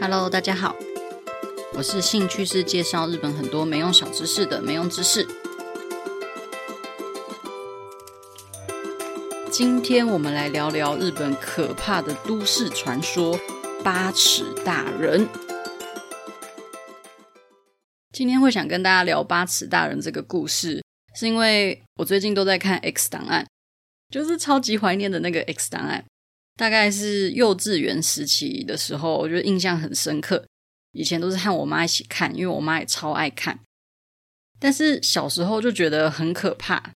Hello，大家好，我是興趣是介紹日本很多沒用小知識的沒用知識。今天我們來聊聊日本可怕的都市傳說八尺大人。今天會想跟大家聊八尺大人這個故事，是因為我最近都在看 X 檔案，就是超級懷念的那個 X 檔案。大概是幼稚園時期的時候，我就印象很深刻。以前都是和我媽一起看，因為我媽也超愛看。但是小時候就覺得很可怕。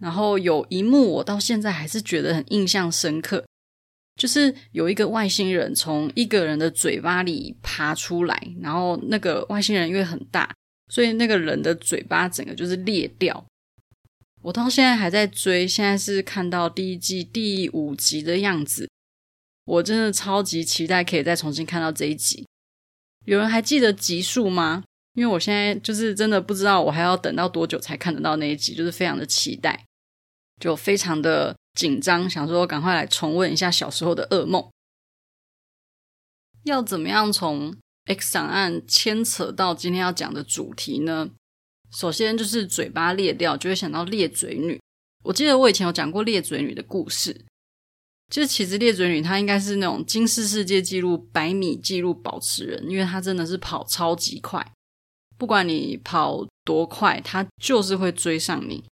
然後有一幕我到現在還是覺得很印象深刻，就是有一個外星人從一個人的嘴巴裡爬出來，然後那個外星人因為很大，所以那個人的嘴巴整個就是裂掉。我到現在還在追，現在是看到第一季第五集的樣子。我真的超級期待可以再重新看到這一集，有人還記得集數嗎？因為我現在就是真的不知道我還要等到多久才看得到那一集，就是非常的期待，就非常的緊張，想說趕快來重溫一下小時候的噩夢。要怎麼樣從 X 檔案牽扯到今天要講的主題呢？首先就是嘴巴裂掉就會想到裂嘴女，我記得我以前有講過裂嘴女的故事。就是其實裂嘴女她應該是那種金氏世界紀錄百米紀錄保持人，因為她真的是跑超級快。不管你跑多快，她就是會追上你。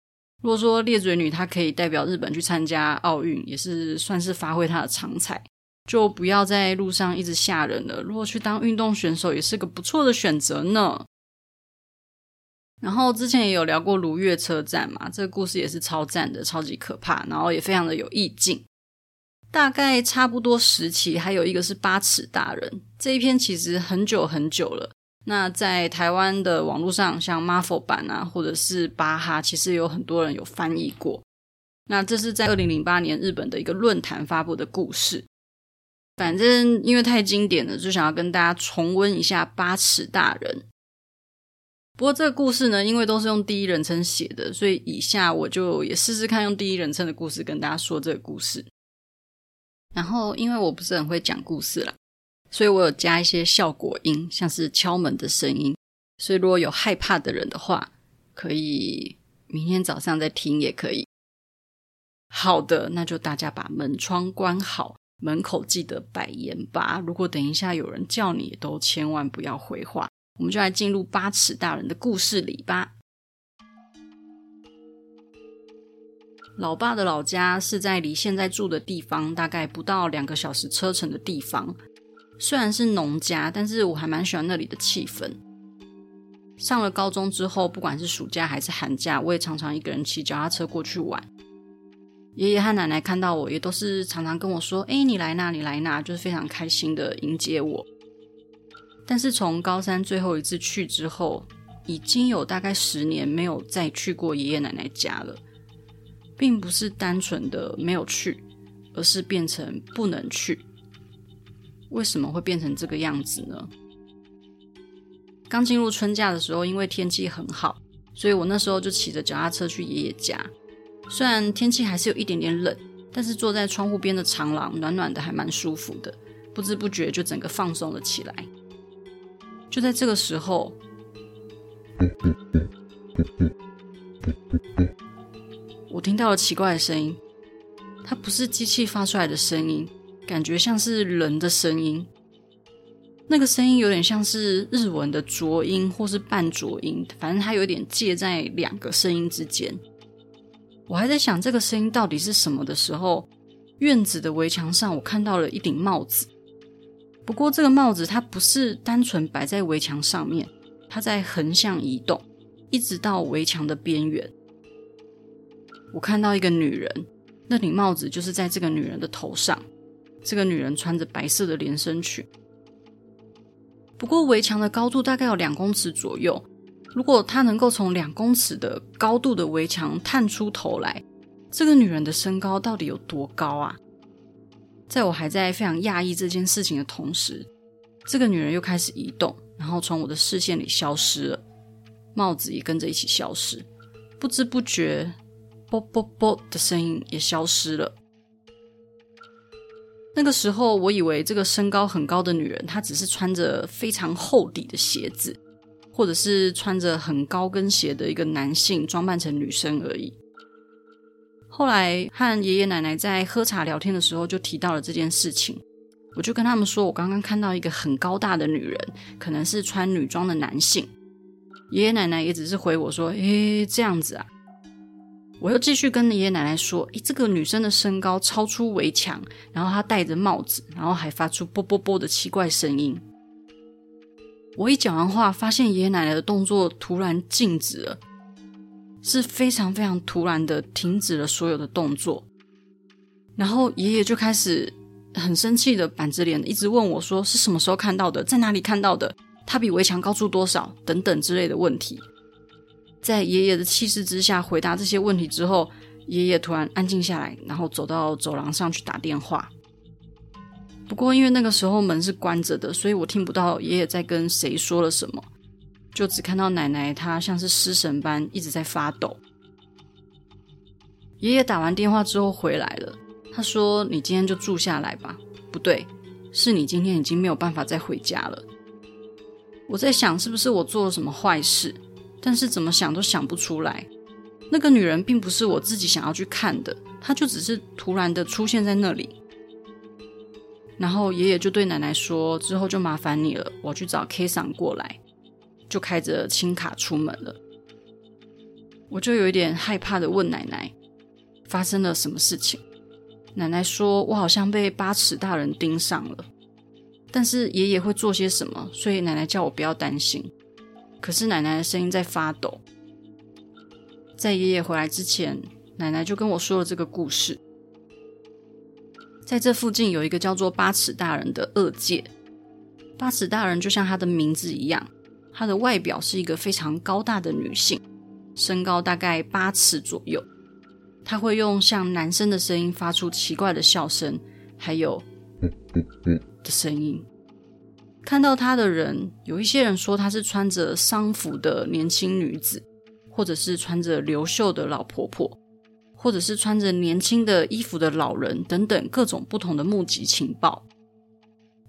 如果說裂嘴女她可以代表日本去參加奧運，也是算是發揮她的長才。就不要在路上一直嚇人了。如果去當運動選手，也是個不錯的選擇呢。然後之前也有聊過如月車站嘛，這個故事也是超讚的，超級可怕，然後也非常的有意境。大概差不多時期，還有一個是八尺大人這一篇，其實很久很久了。那在台灣的網絡上，像 Marvel 版啊，或者是巴哈，其實有很多人有翻譯過。那這是在二零零八年日本的一個論壇發布的故事。反正因為太經典了，就想要跟大家重溫一下八尺大人。不過這個故事呢，因為都是用第一人稱寫的，所以以下我就也試試看用第一人稱的故事跟大家說這個故事。然後，因為我不是很會講故事啦，所以我有加一些效果音，像是敲門的聲音。所以如果有害怕的人的話，可以明天早上再聽也可以。好的，那就大家把門窗關好，門口記得擺鹽巴。如果等一下有人叫你，都千萬不要回話。我們就來進入八尺大人的故事裡吧。老爸的老家是在離現在住的地方大概不到兩個小時車程的地方。雖然是農家，但是我還蠻喜歡那裡的氣氛。上了高中之後，不管是暑假還是寒假，我也常常一個人騎腳踏車過去玩。爺爺和奶奶看到我也都是常常跟我說：“誒、欸，你來那，你來那，就是非常開心的迎接我。”但是從高三最後一次去之後，已經有大概十年沒有再去過爺爺奶奶家了。並不是單純的沒有去，而是變成不能去。為什麼會變成這個樣子呢？剛進入春假的時候，因為天氣很好，所以我那時候就騎着腳踏車去爺爺家。雖然天氣還是有一點點冷，但是坐在窗戶邊的長廊，暖暖的，還蠻舒服的。不知不覺就整個放鬆了起來。就在這個時候。我聽到了奇怪的聲音，它不是機器發出來的聲音，感覺像是人的聲音。那個聲音有點像是日文的濁音或是半濁音，反正它有點介在兩個聲音之間。我還在想這個聲音到底是什麼的時候，院子的圍牆上我看到了一頂帽子。不過這個帽子它不是單純擺在圍牆上面，它在橫向移動，一直到圍牆的邊緣。我看到一個女人，那頂帽子就是在這個女人的頭上。這個女人穿着白色的連身裙，不過圍牆的高度大概有兩公尺左右。如果她能夠從兩公尺的高度的圍牆探出頭來，這個女人的身高到底有多高啊？在我還在非常訝異這件事情的同時，這個女人又開始移動，然後從我的視線裡消失了，帽子也跟着一起消失。不知不覺。啵啵啵的聲音也消失了。那個時候，我以為這個身高很高的女人，她只是穿着非常厚底的鞋子，或者是穿着很高跟鞋的一個男性裝扮成女生而已。後來和爺爺奶奶在喝茶聊天的時候，就提到了這件事情，我就跟他們說，我剛剛看到一個很高大的女人，可能是穿女裝的男性。爺爺奶奶也只是回我說：“誒，這樣子啊。”我又繼續跟爺爺奶奶說：“咦，這個女生的身高超出圍牆，然後她戴着帽子，然後還發出啵啵啵的奇怪聲音。”我一講完話，發現爺爺奶奶的動作突然靜止了，是非常非常突然的停止了所有的動作。然後爺爺就開始很生氣的板着臉，一直問我說：“是什麼時候看到的？在哪裡看到的？她比圍牆高出多少？等等之類的問題。”在爺爺的氣勢之下回答這些問題之後，爺爺突然安靜下來，然後走到走廊上去打電話。不過因為那個時候門是關着的，所以我聽不到爺爺在跟誰說了什麼，就只看到奶奶她像是失神般一直在發抖。爺爺打完電話之後回來了，他說：“你今天就住下來吧。”不對，是你今天已經沒有辦法再回家了。我在想，是不是我做了什麼壞事？但是怎麼想都想不出來，那個女人並不是我自己想要去看的，她就只是突然的出現在那裡。然後爺爺就對奶奶說：“之後就麻煩你了，我去找 K 桑過來。”就開着輕卡出門了。我就有一點害怕的問奶奶：“發生了什麼事情？”奶奶說：“我好像被八尺大人盯上了。”但是爺爺會做些什麼？所以奶奶叫我不要擔心。可是奶奶的聲音在發抖，在爺爺回來之前，奶奶就跟我說了這個故事。在這附近有一個叫做八尺大人的惡界，八尺大人就像他的名字一樣，他的外表是一個非常高大的女性，身高大概八尺左右。他會用像男生的聲音發出奇怪的笑聲，還有嗯嗯嗯的聲音。看到他的人，有一些人說他是穿着喪服的年輕女子，或者是穿着留袖的老婆婆，或者是穿着年輕的衣服的老人等等，各種不同的目擊情報。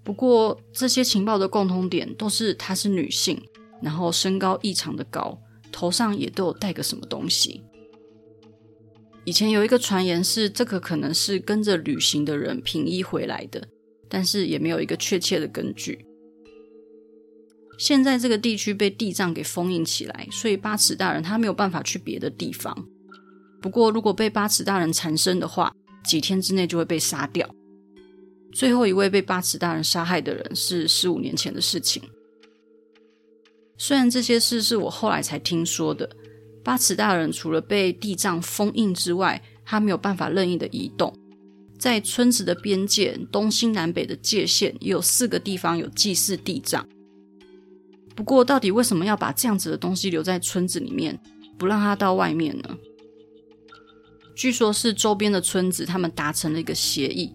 不過，這些情報的共通點都是她是女性，然後身高異常的高，頭上也都有戴個什麼東西。以前有一個傳言是這個可能是跟着旅行的人平移回來的，但是也沒有一個確切的根據。現在這個地區被地藏給封印起來，所以八尺大人他沒有辦法去別的地方。不過，如果被八尺大人纏身的話，幾天之內就會被殺掉。最後一位被八尺大人殺害的人是十五年前的事情。雖然這些事是我後來才聽說的，八尺大人除了被地藏封印之外，他沒有辦法任意的移動。在村子的邊界，東、西、南、北的界限也有四個地方有祭祀地藏。不過，到底為什麼要把這樣子的東西留在村子裡面，不讓它到外面呢？據說是周邊的村子他們達成了一個協議，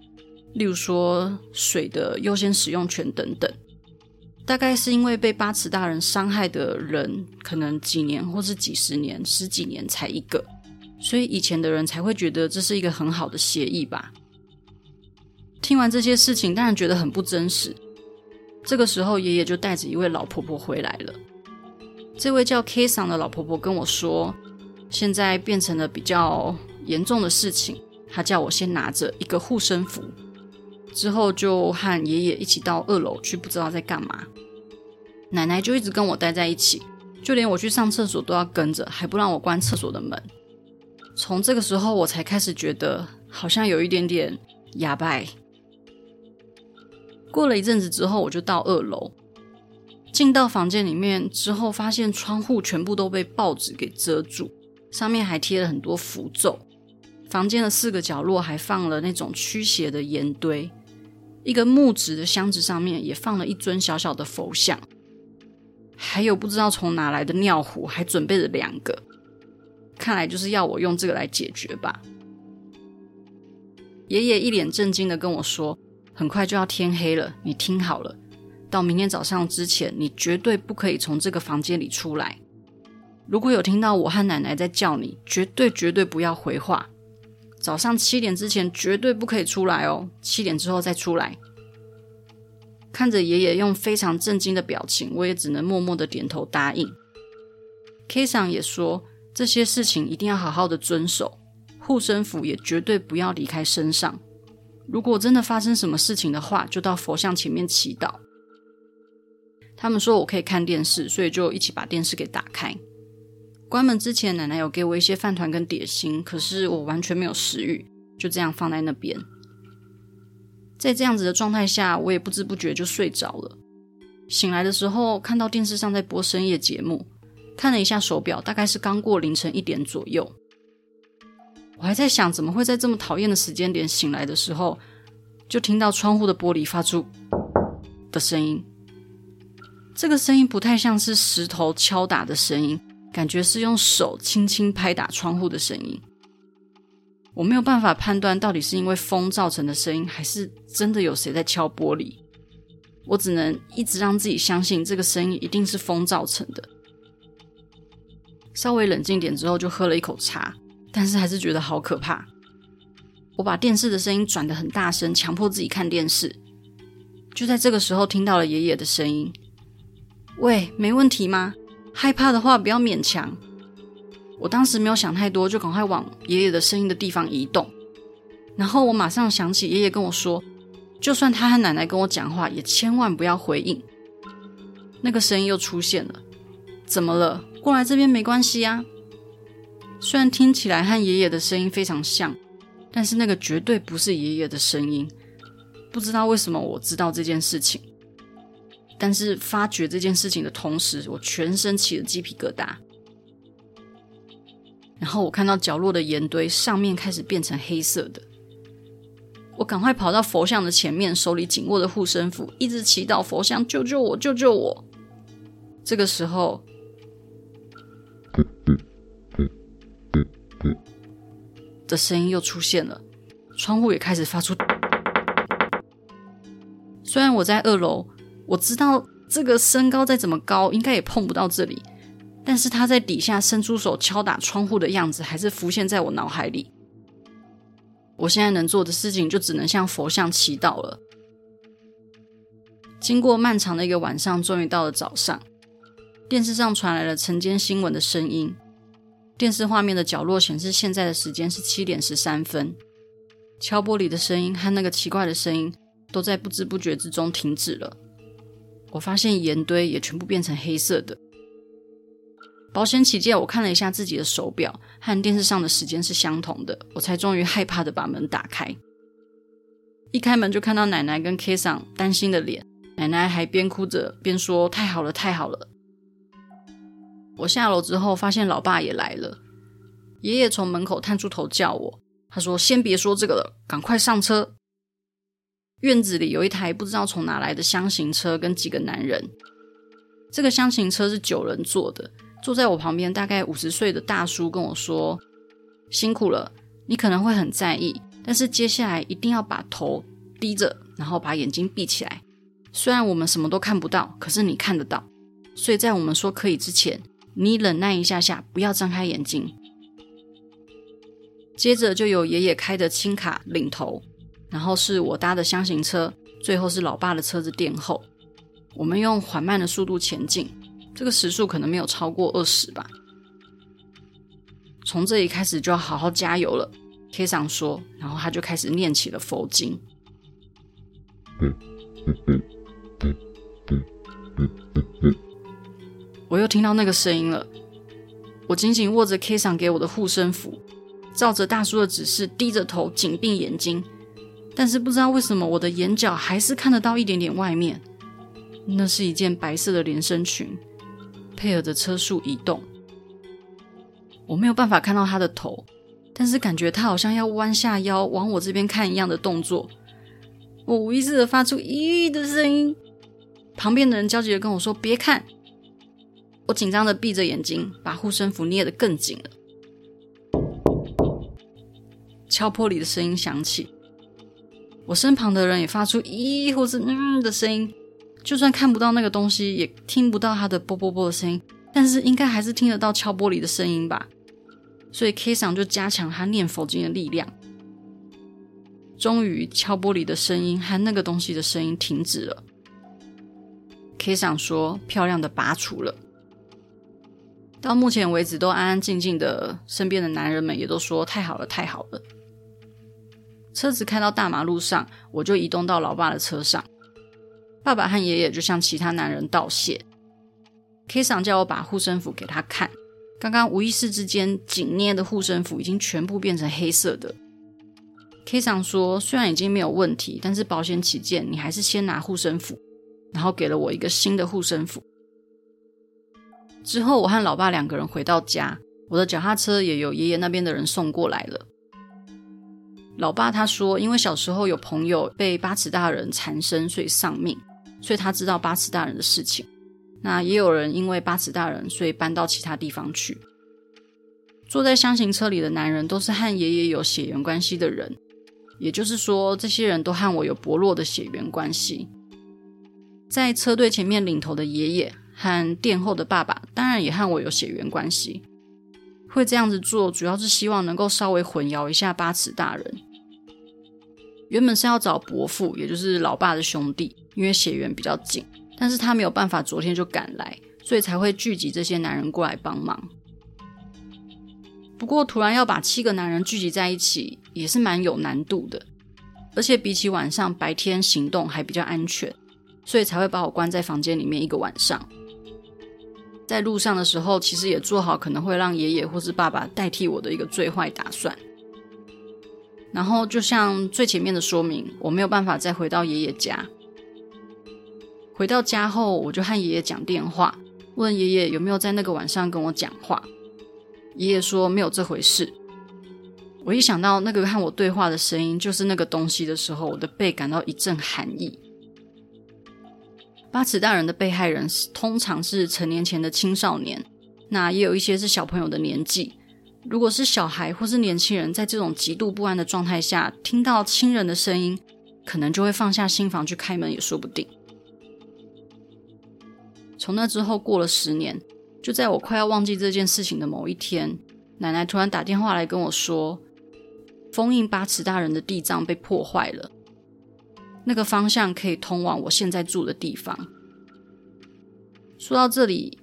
例如說水的優先使用權等等。大概是因為被八尺大人傷害的人，可能幾年或是幾十年、十幾年才一個，所以以前的人才會覺得這是一個很好的協議吧。聽完這些事情，當然覺得很不真實。這個時候，爺爺就帶着一位老婆婆回來了。這位叫 K 桑的老婆婆跟我說，現在變成了比較嚴重的事情。她叫我先拿着一個護身符，之後就和爺爺一起到二樓去，不知道在幹嘛。奶奶就一直跟我待在一起，就連我去上廁所都要跟着，還不讓我關廁所的門。從這個時候，我才開始覺得好像有一點點啞巴。過了一陣子之後，我就到二樓，進到房間裡面之後，發現窗戶全部都被報紙給遮住，上面還貼了很多符咒。房間的四個角落還放了那種驅邪的鹽堆，一個木質的箱子上面也放了一尊小小的佛像，還有不知道從哪來的尿壺，還準備了兩個，看來就是要我用這個來解決吧。爺爺一臉震驚的跟我說。很快就要天黑了，你聽好了，到明天早上之前，你絕對不可以從這個房間裡出來。如果有聽到我和奶奶在叫你，絕對絕對不要回話。早上七點之前絕對不可以出來哦，七點之後再出來。看着爺爺用非常震驚的表情，我也只能默默地點頭答應。K 桑也說，這些事情一定要好好的遵守，護身符也絕對不要離開身上。如果真的發生什麼事情的話，就到佛像前面祈禱。他們說我可以看電視，所以就一起把電視給打開。關門之前，奶奶有給我一些飯糰跟點心，可是我完全沒有食慾，就這樣放在那邊。在這樣子的狀態下，我也不知不覺就睡着了。醒來的時候，看到電視上在播深夜節目，看了一下手錶，大概是剛過凌晨一點左右。我還在想，怎麼會在這麼討厭的時間點醒來的時候，就聽到窗戶的玻璃發出的聲音。這個聲音不太像是石頭敲打的聲音，感覺是用手輕輕拍打窗戶的聲音。我沒有辦法判斷到底是因為風造成的聲音，還是真的有誰在敲玻璃。我只能一直讓自己相信這個聲音一定是風造成的。稍微冷靜點之後，就喝了一口茶。但是還是覺得好可怕，我把電視的聲音轉得很大聲，強迫自己看電視。就在這個時候，聽到了爺爺的聲音：“喂，沒問題嗎？害怕的話不要勉強。”我當時沒有想太多，就趕快往爺爺的聲音的地方移動。然後我馬上想起爺爺跟我說：“就算他和奶奶跟我講話，也千萬不要回應。”那個聲音又出現了：“怎麼了？過來這邊沒關係啊。”雖然聽起來和爺爺的聲音非常像，但是那個絕對不是爺爺的聲音。不知道為什麼我知道這件事情，但是發覺這件事情的同時，我全身起了雞皮疙瘩。然後我看到角落的鹽堆上面開始變成黑色的，我趕快跑到佛像的前面，手裡緊握着護身符，一直祈禱佛像救救我，救救我。這個時候。的聲音又出現了，窗戶也開始發出。雖然我在二樓，我知道這個身高再怎麼高，應該也碰不到這裡，但是他在底下伸出手敲打窗戶的樣子，還是浮現在我腦海裡。我現在能做的事情，就只能向佛像祈禱了。經過漫長的一個晚上，終於到了早上，電視上傳來了晨間新聞的聲音。電視畫面的角落顯示，現在的時間是七點十三分。敲玻璃的聲音和那個奇怪的聲音都在不知不覺之中停止了。我發現鹽堆也全部變成黑色的。保險起見，我看了一下自己的手錶，和電視上的時間是相同的。我才終於害怕的把門打開。一開門就看到奶奶跟 K 桑擔心的臉，奶奶還邊哭着邊說：“太好了，太好了。”我下樓之後，發現老爸也來了。爺爺從門口探出頭叫我，他說：“先別說這個了，趕快上車。”院子裡有一台不知道從哪來的箱型車，跟幾個男人。這個箱型車是九人座的。坐在我旁邊，大概五十歲的大叔跟我說：“辛苦了，你可能會很在意，但是接下來一定要把頭低着，然後把眼睛閉起來。雖然我們什麼都看不到，可是你看得到。所以在我們說可以之前。”你忍耐一下下，不要張開眼睛。接着就有爺爺開的輕卡領頭，然後是我搭的箱型車，最後是老爸的車子墊後。我們用緩慢的速度前進，這個時速可能沒有超過二十吧。從這裡開始就要好好加油了，K 桑說。然後他就開始念起了佛經。嗯嗯嗯嗯嗯嗯我又聽到那個聲音了。我緊緊握着 K さん給我的護身符，照着大叔的指示，低着頭，緊閉眼睛。但是不知道為什麼，我的眼角還是看得到一點點外面。那是一件白色的連身裙，配合着車速移動。我沒有辦法看到他的頭，但是感覺他好像要彎下腰往我這邊看一樣的動作。我無意識的發出“咦”的聲音。旁邊的人焦急的跟我說：“別看。”我緊張的閉着眼睛，把護身符捏得更緊了。敲玻璃的聲音響起，我身旁的人也發出“咦”或是“嗯”的聲音。就算看不到那個東西，也聽不到它的“啵啵啵”的聲音，但是應該還是聽得到敲玻璃的聲音吧。所以 K 桑就加強他念佛經的力量。終於，敲玻璃的聲音和那個東西的聲音停止了。K 桑說：“漂亮的拔除了。”到目前為止都安安靜靜的，身邊的男人們也都說太好了，太好了。車子開到大馬路上，我就移動到老爸的車上。爸爸和爺爺就向其他男人道謝。K 桑叫我把護身符給他看，剛剛無意識之間緊捏的護身符已經全部變成黑色的。K 桑說，雖然已經沒有問題，但是保險起見，你還是先拿護身符。然後給了我一個新的護身符。之後，我和老爸兩個人回到家，我的腳踏車也由爺爺那邊的人送過來了。老爸他說，因為小時候有朋友被八尺大人纏身，所以喪命，所以他知道八尺大人的事情。那也有人因為八尺大人，所以搬到其他地方去。坐在箱型車裡的男人都是和爺爺有血緣關係的人，也就是說，這些人都和我有薄弱的血緣關係。在車隊前面領頭的爺爺，和殿後的爸爸，當然也和我有血緣關係，會這樣子做，主要是希望能夠稍微混淆一下八尺大人。原本是要找伯父，也就是老爸的兄弟，因為血緣比較近，但是他沒有辦法，昨天就趕來，所以才會聚集這些男人過來幫忙。不過突然要把七個男人聚集在一起，也是蠻有難度的，而且比起晚上，白天行動還比較安全，所以才會把我關在房間裡面一個晚上。在路上的時候，其實也做好可能會讓爺爺或是爸爸代替我的一個最壞打算。然後就像最前面的說明，我沒有辦法再回到爺爺家。回到家後，我就和爺爺講電話，問爺爺有沒有在那個晚上跟我講話。爺爺說沒有這回事。我一想到那個和我對話的聲音就是那個東西的時候，我的背感到一陣寒意。八尺大人的被害人通常是成年前的青少年，那也有一些是小朋友的年紀。如果是小孩或是年輕人，在這種極度不安的狀態下，聽到親人的聲音，可能就會放下心防去開門也說不定。從那之後過了十年，就在我快要忘記這件事情的某一天，奶奶突然打電話來跟我說，封印八尺大人的地藏被破壞了。那個方向可以通往我現在住的地方。說到這裡，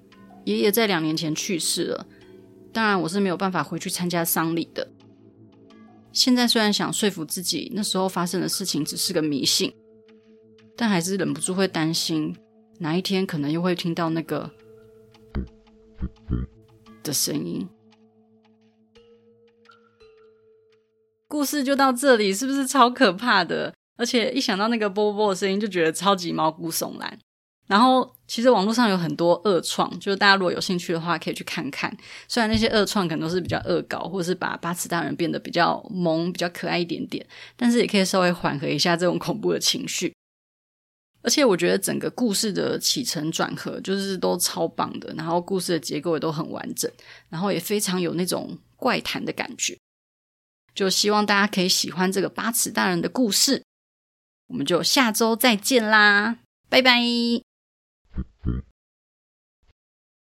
爺爺在兩年前去世了，當然我是沒有辦法回去參加喪禮的。現在雖然想說服自己那時候發生的事情只是個迷信，但還是忍不住會擔心哪一天可能又會聽到那個的聲音。 故事就到這裡，是不是超可怕的？而且一想到那個波波波的聲音，就覺得超級毛骨悚然。然後，其實網絡上有很多二創，就是大家如果有興趣的話，可以去看看。雖然那些二創可能都是比較惡搞，或者是把八尺大人變得比較萌、比較可愛一點點，但是也可以稍微緩和一下這種恐怖的情緒。而且，我覺得整個故事的起承轉合就是都超棒的，然後故事的結構也都很完整，然後也非常有那種怪談的感覺。就希望大家可以喜歡這個八尺大人的故事。我們就下周再見啦，拜拜。